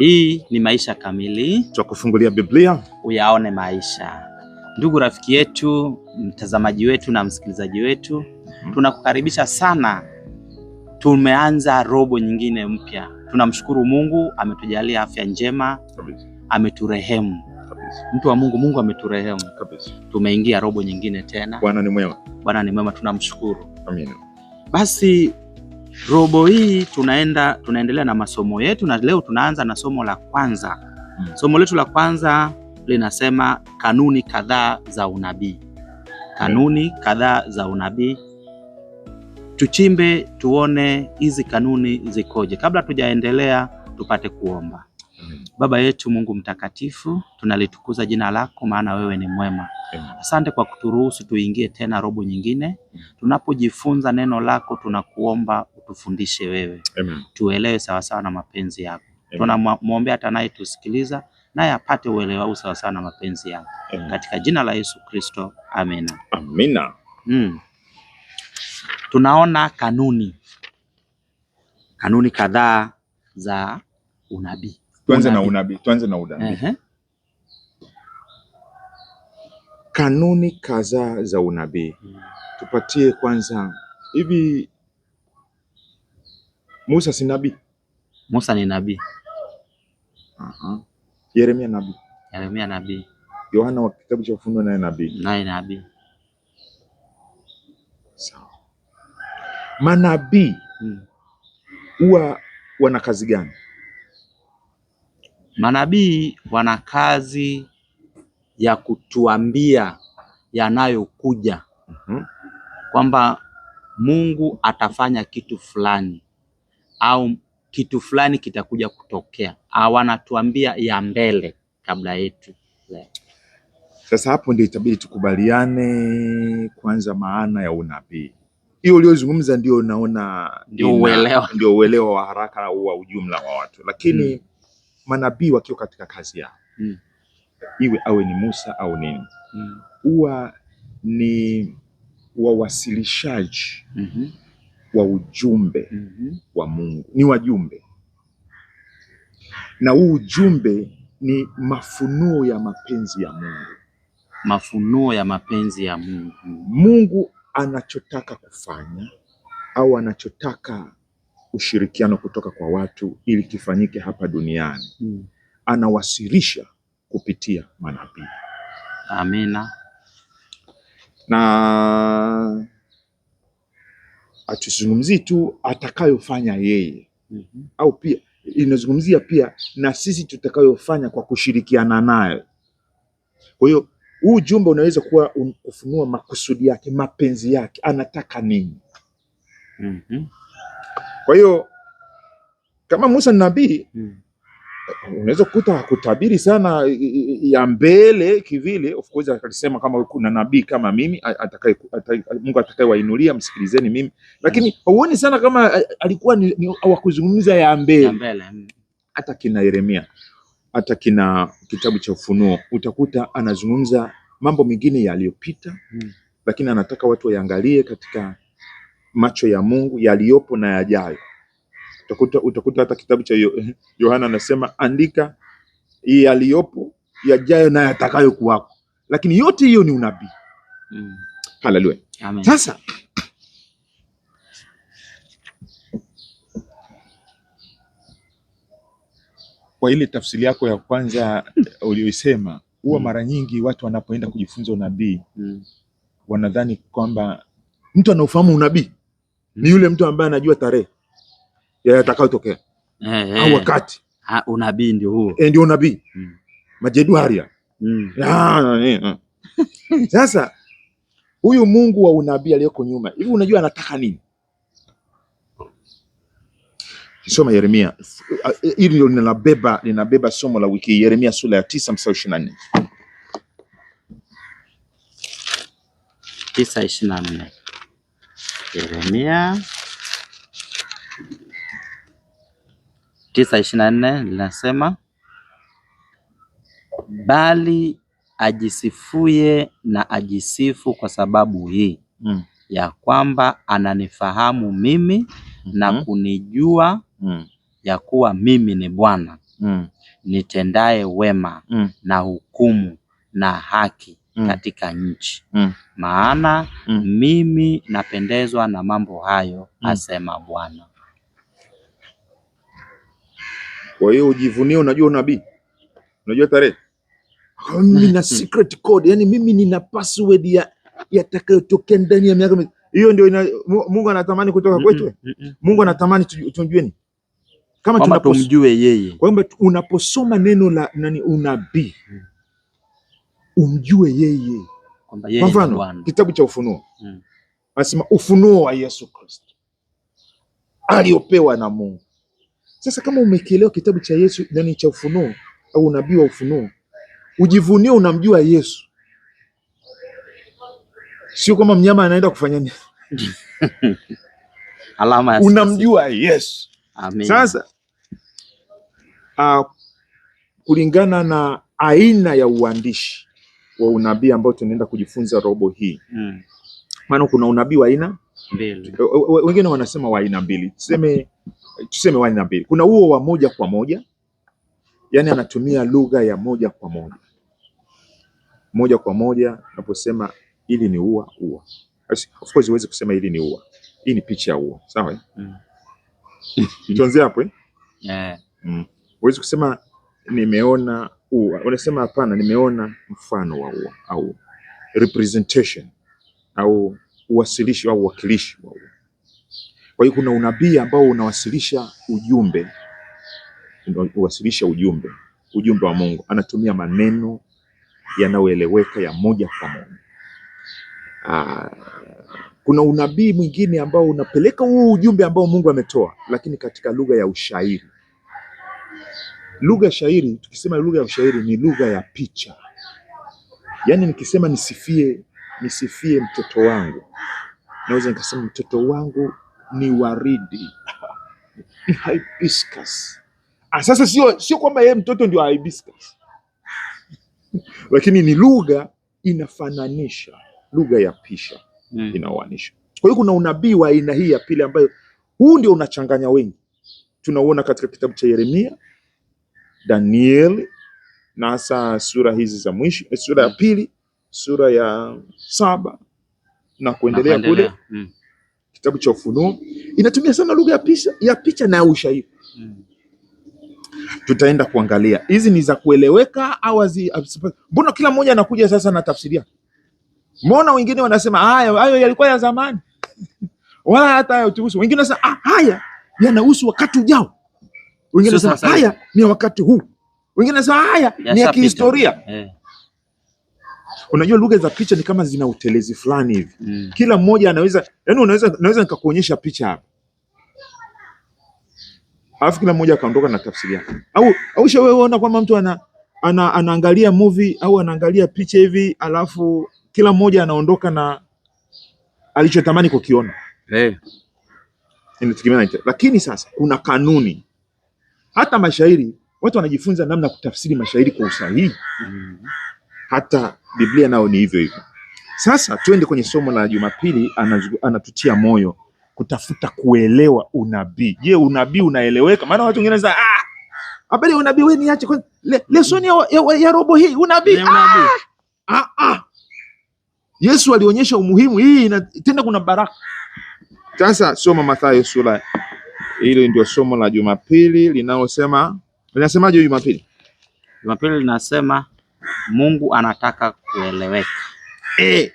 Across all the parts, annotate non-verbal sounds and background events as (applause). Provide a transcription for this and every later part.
Hii ni Maisha Kamili, twakufungulia Biblia uyaone maisha. Ndugu rafiki yetu, mtazamaji wetu na msikilizaji wetu, mhm. tunakukaribisha sana. Tumeanza robo nyingine mpya. Tunamshukuru Mungu, ametujalia afya njema, ameturehemu. Mtu wa Mungu, Mungu ameturehemu. Tumeingia robo nyingine tena. Bwana ni mwema, Bwana ni mwema, tunamshukuru. Amina. Basi Robo hii tunaenda tunaendelea na masomo yetu na leo tunaanza na somo la kwanza. Mm. Somo letu la kwanza linasema kanuni kadhaa za unabii. Kanuni kadhaa za unabii. Tuchimbe tuone hizi kanuni zikoje. Kabla tujaendelea tupate kuomba. Hmm. Baba yetu Mungu mtakatifu, tunalitukuza jina lako maana wewe ni mwema. Hmm. Asante kwa kuturuhusu tuingie tena robo nyingine. Hmm. Tunapojifunza neno lako tunakuomba utufundishe wewe. Amen. Tuelewe sawasawa na mapenzi yako. Tunamwombea hata naye tusikiliza naye apate uelewa sawasawa na mapenzi yako. Katika jina la Yesu Kristo, amina. Amina. Mm. Tunaona kanuni kanuni kadhaa za unabii. Tuanze na unabii, tuanze na unabii. Uh -huh. Kanuni kadhaa za unabii. Hmm. Tupatie kwanza hivi Musa si nabii? Musa ni nabii. Uh-huh. Yeremia nabii. Yeremia nabii. Yohana wa kitabu cha Ufunuo naye nabii. Naye nabii. Sawa. Manabii hmm. huwa hmm, wana kazi gani? Manabii wana kazi ya kutuambia yanayokuja, uh -huh, kwamba Mungu atafanya kitu fulani au kitu fulani kitakuja kutokea, ah, wanatuambia ya mbele kabla yetu. Sasa hapo ndio itabidi tukubaliane kwanza maana ya unabii hiyo uliozungumza, ndio naona ndio uelewa, ndio uelewa wa haraka au wa ujumla wa watu, lakini mm. manabii wakiwa katika kazi yao mm. iwe awe ni Musa au nini mm. huwa mm. ni wawasilishaji mm -hmm wa ujumbe mm -hmm. wa Mungu, ni wajumbe, na huu ujumbe ni mafunuo ya mapenzi ya Mungu, mafunuo ya mapenzi ya Mungu. Mungu anachotaka kufanya au anachotaka ushirikiano kutoka kwa watu ili kifanyike hapa duniani mm. anawasilisha kupitia manabii. Amina na atuzungumzii tu atakayofanya yeye mm -hmm. au pia inazungumzia pia na sisi tutakayofanya kwa kushirikiana naye. Kwa hiyo huu ujumbe unaweza kuwa kufunua makusudi yake, mapenzi yake, anataka nini? mm -hmm. Kwa hiyo kama Musa ni nabii mm -hmm unaweza kukuta hakutabiri sana ya mbele kivile. Of course alisema kama kuna nabii kama mimi atakaye Mungu atakayewainulia msikilizeni mimi, lakini hauoni sana kama alikuwa ni, ni wakuzungumza ya mbele. Mm. Hata kina Yeremia, hata kina kitabu cha Ufunuo utakuta anazungumza mambo mengine yaliyopita, hmm. lakini anataka watu waangalie katika macho ya Mungu yaliyopo na yajayo utakuta, utakuta hata kitabu cha eh, Yohana anasema andika yaliyopo yajayo na yatakayo kuwako, lakini yote hiyo ni unabii mm. Haleluya, amen. Sasa kwa ile tafsiri yako ya kwanza uliyoisema, huwa mm. mara nyingi watu wanapoenda kujifunza unabii mm. wanadhani kwamba mtu anaofahamu unabii mm. ni yule mtu ambaye anajua tarehe yatakayotokea eh, eh. au wakati unabii ndio huo, eh, ndio unabii hmm. majeduaria. Hmm. (laughs) Sasa huyu Mungu wa unabii aliyoko nyuma, hivi unajua anataka nini? Soma Yeremia, hili ndio linabeba linabeba somo la wiki. Yeremia sura ya tisa mstari ishirini na nne tisa ishirini na nne Yeremia tisa ishirini na nne linasema bali ajisifuye na ajisifu kwa sababu hii mm. ya kwamba ananifahamu mimi mm -hmm. na mm-hmm. kunijua mm. ya kuwa mimi ni Bwana mm. nitendaye wema mm. na hukumu na haki mm. katika nchi mm. maana mm. mimi napendezwa na mambo hayo mm. asema Bwana. Kwa hiyo ujivunie, unajua unabii, unajua tarehe. Mimi na hmm. secret code, yani mimi nina password ya yatakayotokea ndani ya miaka hiyo. Ndio Mungu anatamani kutoka hmm, kwetu. Hmm, Mungu anatamani ni kama tunapomjue yeye, kwamba unaposoma neno la nani unabii umjue yeye. Kwa mfano kitabu cha Ufunuo anasema ufunuo wa Yesu Kristo aliopewa na Mungu sasa kama umekielewa kitabu cha Yesu ndani cha ufunuo au unabii wa ufunuo, ujivunie unamjua Yesu, sio kama mnyama anaenda kufanya nini (laughs) alama ya unamjua Yesu. Amen. Sasa uh, kulingana na aina ya uandishi wa unabii ambao tunaenda kujifunza robo hii mm. Maana kuna unabii wa aina mbili, wengine wanasema wa aina mbili, tuseme tuseme wani na mbili, kuna huo wa moja kwa moja, yani anatumia lugha ya moja kwa moja, moja kwa moja. Unaposema ili ni ua ua, of course huwezi kusema ili ni ua, hii ni picha ya ua, sawa? Eh? Mm. (laughs) Tuanze hapo eh, eh. Mm. huwezi kusema nimeona ua, unasema hapana, nimeona mfano wa ua au representation au uwasilishi au uwakilishi wa ua. Kwa hiyo kuna unabii ambao unawasilisha ujumbe, unawasilisha ujumbe, ujumbe wa Mungu. Anatumia maneno yanayoeleweka ya moja kwa moja. Ah, kuna unabii mwingine ambao unapeleka huu ujumbe ambao Mungu ametoa, lakini katika lugha ya ushairi. Lugha ya shairi, tukisema lugha ya ushairi ni lugha ya picha. Yaani nikisema nisifie nisifie mtoto wangu, naweza nikasema mtoto wangu ni waridi ni (laughs) hibiscus. Ah, sasa sio sio kwamba yeye mtoto ndio hibiscus, (laughs) lakini ni lugha inafananisha, lugha ya pisha mm. inaoanisha. Kwa hiyo kuna unabii wa aina hii ya pili, ambayo huu ndio unachanganya wengi, tunauona katika kitabu cha Yeremia, Danieli na hasa sura hizi za mwisho, eh, sura ya hmm. pili, sura ya saba na kuendelea kule mm kitabu cha Ufunuo inatumia sana lugha ya picha, ya picha na ya ushairi Tutaenda kuangalia hizi ni za kueleweka au zi, mbona kila mmoja anakuja sasa na tafsiria? Mbona wengine wanasema hayo hayo yalikuwa ya zamani (laughs) wala hata hayatuhusu. Wengine wanasema ah, haya yanahusu wakati ujao. Wengine wanasema haya ni wakati huu. Wengine wanasema haya ni ya kihistoria eh. Unajua lugha za picha ni kama zina utelezi fulani hivi mm. Kila mmoja anaweza yani, unaweza naweza nikakuonyesha picha hapa alafu kila mmoja akaondoka na tafsiri yake, au au shawe uona kwamba mtu ana, ana anaangalia movie au anaangalia picha hivi alafu kila mmoja anaondoka na alichotamani kukiona hey. Eh. Inategemea, lakini sasa kuna kanuni. Hata mashairi watu wanajifunza namna kutafsiri mashairi kwa usahihi mm. Hata Biblia nayo ni hivyo hivyo. Sasa tuende kwenye somo la Jumapili, anatutia moyo kutafuta kuelewa unabii. Je, unabii unaeleweka? Maana watu wengine wanasema ah, habari ya unabii wewe niache kwa le, lesoni ya, ya, ya robo hii unabii ah! Ah, ah. Yesu alionyesha umuhimu hii na tena kuna baraka. Sasa soma Mathayo sura hilo ndio somo la Jumapili linalosema linasemaje? Jumapili Jumapili linasema Mungu anataka kueleweka. Eh,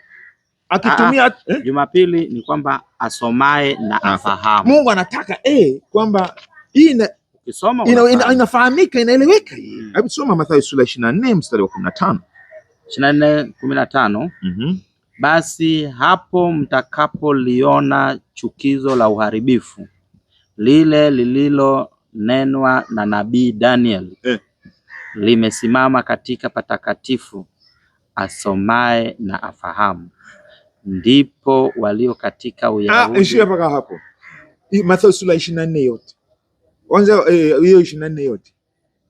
akitumia eh? Jumapili ni kwamba asomae na afahamu. Mungu anataka eh, kwamba hii ina, ina, ina, inafahamika inaeleweka. Hmm. Hebu soma Mathayo sura 24 mstari wa 15. 24 15. Mhm. Basi hapo mtakapoliona chukizo la uharibifu lile lililonenwa na nabii Daniel eh, limesimama katika patakatifu, asomaye na afahamu. Ndipo walio katika ah, Uyahudi. Ishia mpaka hapo, Mathayo sura ishirini na nne yote kwanza, eh, hiyo ishirini na nne yote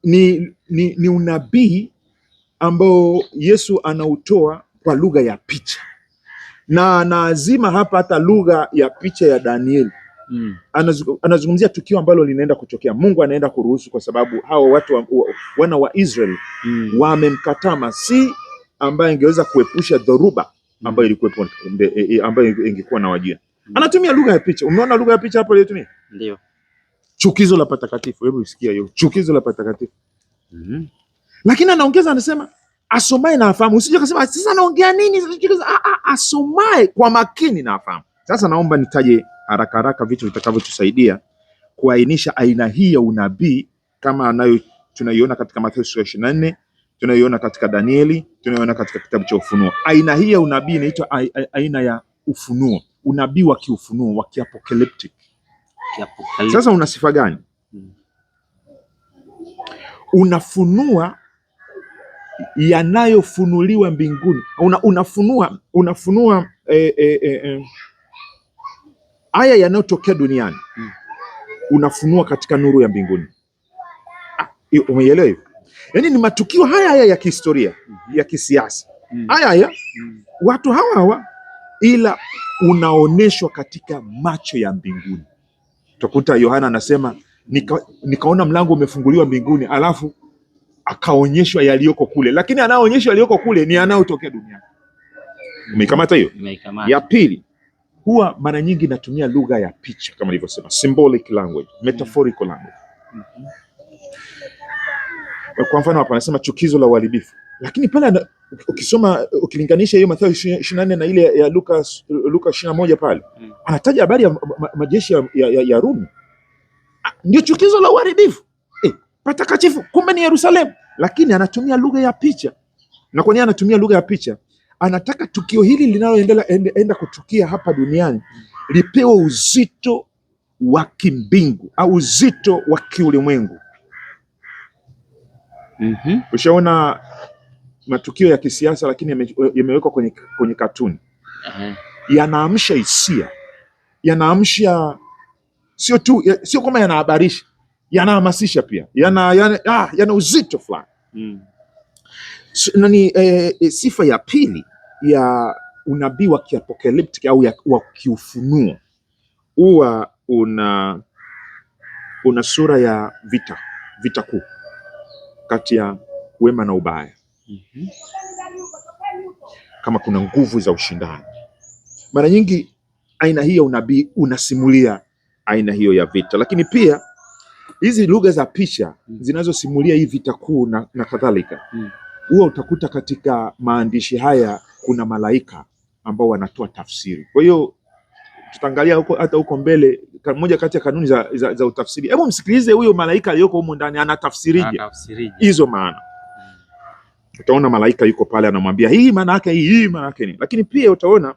ni, ni, ni unabii ambao Yesu anautoa kwa lugha ya picha na anaazima hapa hata lugha ya picha ya Danieli mm. Anazungumzia tukio ambalo linaenda kutokea, Mungu anaenda kuruhusu, kwa sababu hao watu wa, wa, wana wa Israel mm. wamemkataa Masihi ambaye angeweza kuepusha dhoruba ambayo ilikuwa ambayo ingekuwa na wajia. Anatumia lugha ya picha. Umeona lugha ya picha hapo aliyotumia? Ndio. Chukizo la patakatifu. Hebu sikia hiyo. Chukizo la patakatifu. Mm -hmm. Lakini anaongeza anasema asomaye na afahamu. Usije kusema sasa naongea nini? Asomaye kwa makini na afahamu. Sasa naomba nitaje haraka haraka vitu vitakavyotusaidia kuainisha aina hii ya unabii kama anayo tunaiona katika Mathayo sura ishirini na nne tunaiona katika Danieli, tunaiona katika kitabu cha Ufunuo. Aina hii ya unabii inaitwa aina ya ufunuo, unabii wa kiufunuo wa kiapokaliptic. Sasa una sifa gani? Hmm. Unafunua yanayofunuliwa mbinguni, una, unafunua unafunua eh, eh, eh, eh haya yanayotokea duniani mm. unafunua katika nuru ya mbinguni. Ah, Umeelewa hivyo? Yaani ni matukio haya haya ya kihistoria mm ya kisiasa mm. haya haya mm. watu hawa hawa, ila unaonyeshwa katika macho ya mbinguni. Tukuta Yohana anasema nika, nikaona mlango umefunguliwa mbinguni, alafu akaonyeshwa yaliyoko kule, lakini anaonyeshwa yaliyoko kule ni yanayotokea duniani. Umeikamata hiyo? Ya pili huwa mara nyingi natumia lugha ya picha kama nilivyosema, symbolic language, metaphorical language. Mm -hmm. Kwa mfano hapa anasema chukizo la uharibifu, lakini pale ukisoma ukilinganisha hiyo Mathayo 24 na ile ya Luka Luka 21 pale mm. anataja habari ya majeshi ya, ya, ya Rumi ndio chukizo la uharibifu eh, patakatifu, kumbe ni Yerusalemu, lakini anatumia lugha ya picha. Na kwa nini anatumia lugha ya picha? anataka tukio hili linaloenda enda kutukia hapa duniani lipewe uzito wa kimbingu au uzito wa kiulimwengu. mm -hmm. Ushaona matukio ya kisiasa lakini yamewekwa kwenye, kwenye katuni uh -huh. Yanaamsha hisia, yanaamsha sio tu ya, sio kama yanahabarisha, yanahamasisha pia yana, yana, ah, yana uzito fulani mm nani e, e, sifa ya pili ya unabii wa kiapokaliptic au wa kiufunuo huwa una una sura ya vita vita kuu kati ya wema na ubaya. mm -hmm. Kama kuna nguvu za ushindani, mara nyingi aina hii ya unabii unasimulia aina hiyo ya vita, lakini pia hizi lugha za picha mm. zinazosimulia hii vita kuu na, na kadhalika mm huwa utakuta katika maandishi haya kuna malaika ambao wanatoa tafsiri. Kwa hiyo tutaangalia huko hata huko mbele moja kati ya kanuni za, za, za utafsiri. Hebu msikilize huyo malaika aliyoko humo ndani anatafsirije hizo maana. Utaona malaika yuko pale anamwambia hii maana yake hii, hii maana yake nini, lakini pia utaona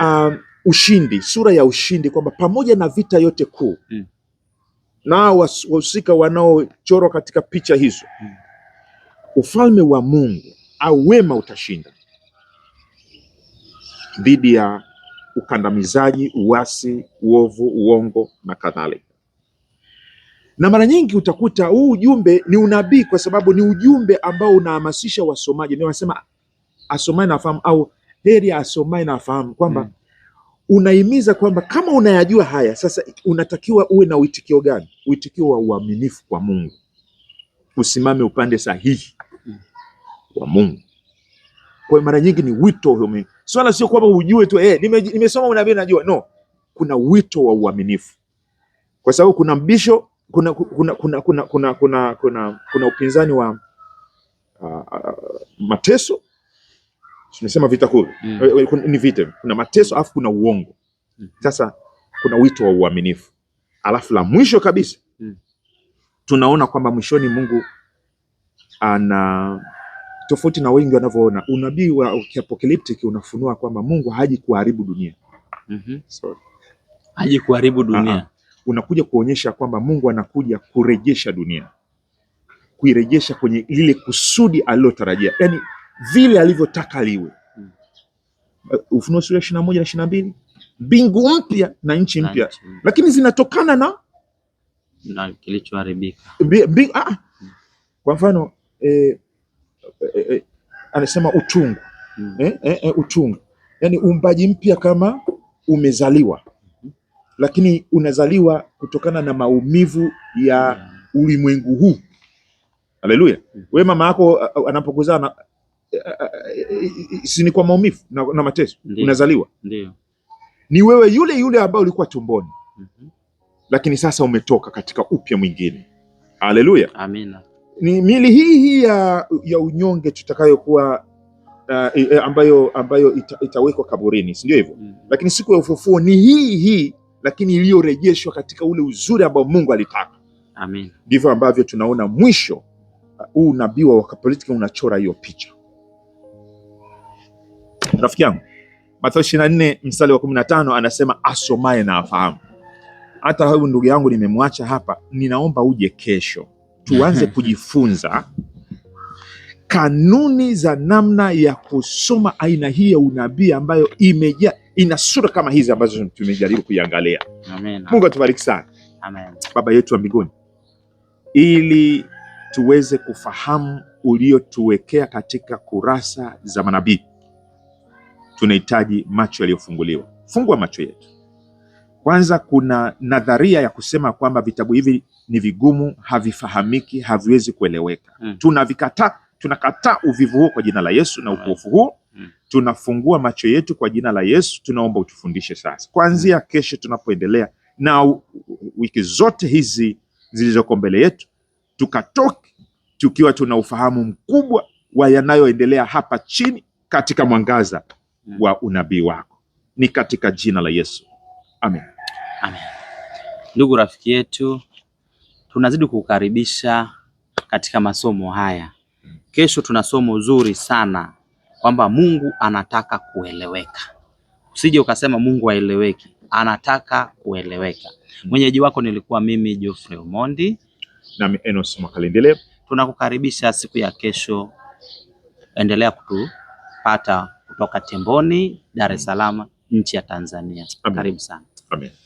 um, ushindi, sura ya ushindi kwamba pamoja na vita yote kuu hmm. na wahusika wanaochorwa katika picha hizo hmm ufalme wa Mungu au wema utashinda dhidi ya ukandamizaji, uasi, uovu, uongo na kadhalika. Na mara nyingi utakuta huu ujumbe ni unabii, kwa sababu ni ujumbe ambao unahamasisha wasomaji, Ni wanasema asomaye na afahamu, au heri asomaye na afahamu kwamba hmm. Unahimiza kwamba kama unayajua haya sasa, unatakiwa uwe na uitikio gani? Uitikio wa uaminifu kwa Mungu usimame upande sahihi mm. wa Mungu. Kwa mara nyingi ni wito huo. Swala sio kwamba ujue tu eh, nime, nimesoma unabii najua. No, kuna wito wa uaminifu, kwa sababu kuna mbisho, kuna kuna kuna kuna kuna, kuna, kuna, kuna upinzani wa uh, uh, mateso. Tunasema vita kuu mm. Eh, eh, ni vita, kuna mateso alafu kuna uongo. Mm. Sasa kuna wito wa uaminifu alafu la mwisho kabisa tunaona kwamba mwishoni Mungu ana tofauti na wengi wanavyoona, unabii wa apocalyptic unafunua kwamba Mungu haji kuharibu dunia mm -hmm. so, haji kuharibu dunia Aha. Uh-uh. unakuja kuonyesha kwamba Mungu anakuja kurejesha dunia, kuirejesha kwenye lile kusudi alilotarajia, yaani vile alivyotaka liwe mm. Ufunuo sura ishirini na moja na ishirini na mbili mbingu mpya na nchi mpya, lakini zinatokana na na kilichoharibika. Ah, ah, kwa mfano eh, eh, eh, anasema utungu mm. eh, eh, eh, utungu yaani uumbaji mpya kama umezaliwa lakini unazaliwa kutokana na maumivu ya ulimwengu huu. Haleluya! mm. Wewe mama yako anapokuzaa si ni kwa maumivu na, na mateso unazaliwa. Ndiyo. Ni wewe yule yule ambaye ulikuwa tumboni. mm -hmm lakini sasa umetoka katika upya mwingine. Haleluya, amina. Ni mili hii hii ya, ya unyonge tutakayokuwa uh, e, ambayo, ambayo ita, itawekwa kaburini, si ndio hivyo? mm. Lakini siku ya ufufuo ni hii hii, lakini iliyorejeshwa katika ule uzuri ambao Mungu alitaka. Ndivyo ambavyo tunaona mwisho uh, huu uh, unabii wa wakapolitiki unachora hiyo picha. Rafiki yangu Mathayo 24 mstari wa 15 anasema asomaye na afahamu hata huyu ndugu yangu nimemwacha hapa, ninaomba uje kesho tuanze (laughs) kujifunza kanuni za namna ya kusoma aina hii ya unabii ambayo imeja ina sura kama hizi ambazo tumejaribu kuiangalia. Amen. Mungu atubariki sana. Amen. Baba yetu wa mbinguni, ili tuweze kufahamu uliotuwekea katika kurasa za manabii, tunahitaji macho yaliyofunguliwa. Fungua macho yetu kwanza kuna nadharia ya kusema kwamba vitabu hivi ni vigumu, havifahamiki, haviwezi kueleweka mm. tunavikataa tunakataa uvivu huo kwa jina la Yesu na hmm. upofu huo mm. tunafungua macho yetu kwa jina la Yesu, tunaomba utufundishe sasa, kuanzia hmm. kesho tunapoendelea na wiki zote hizi zilizoko mbele yetu, tukatoke tukiwa tuna ufahamu mkubwa wa yanayoendelea hapa chini katika mwangaza hmm. wa unabii wako, ni katika jina la Yesu, amen. Amen. Ndugu rafiki yetu, tunazidi kukukaribisha katika masomo haya. Kesho tuna somo zuri sana kwamba Mungu anataka kueleweka. Usije ukasema Mungu aeleweki, anataka kueleweka. Mwenyeji wako nilikuwa mimi Geoffrey Omondi nami Enos Makalindile. Tunakukaribisha siku ya kesho, endelea kutupata kutoka Temboni, Dar es Salaam, nchi ya Tanzania. Amen. Karibu sana. Amen.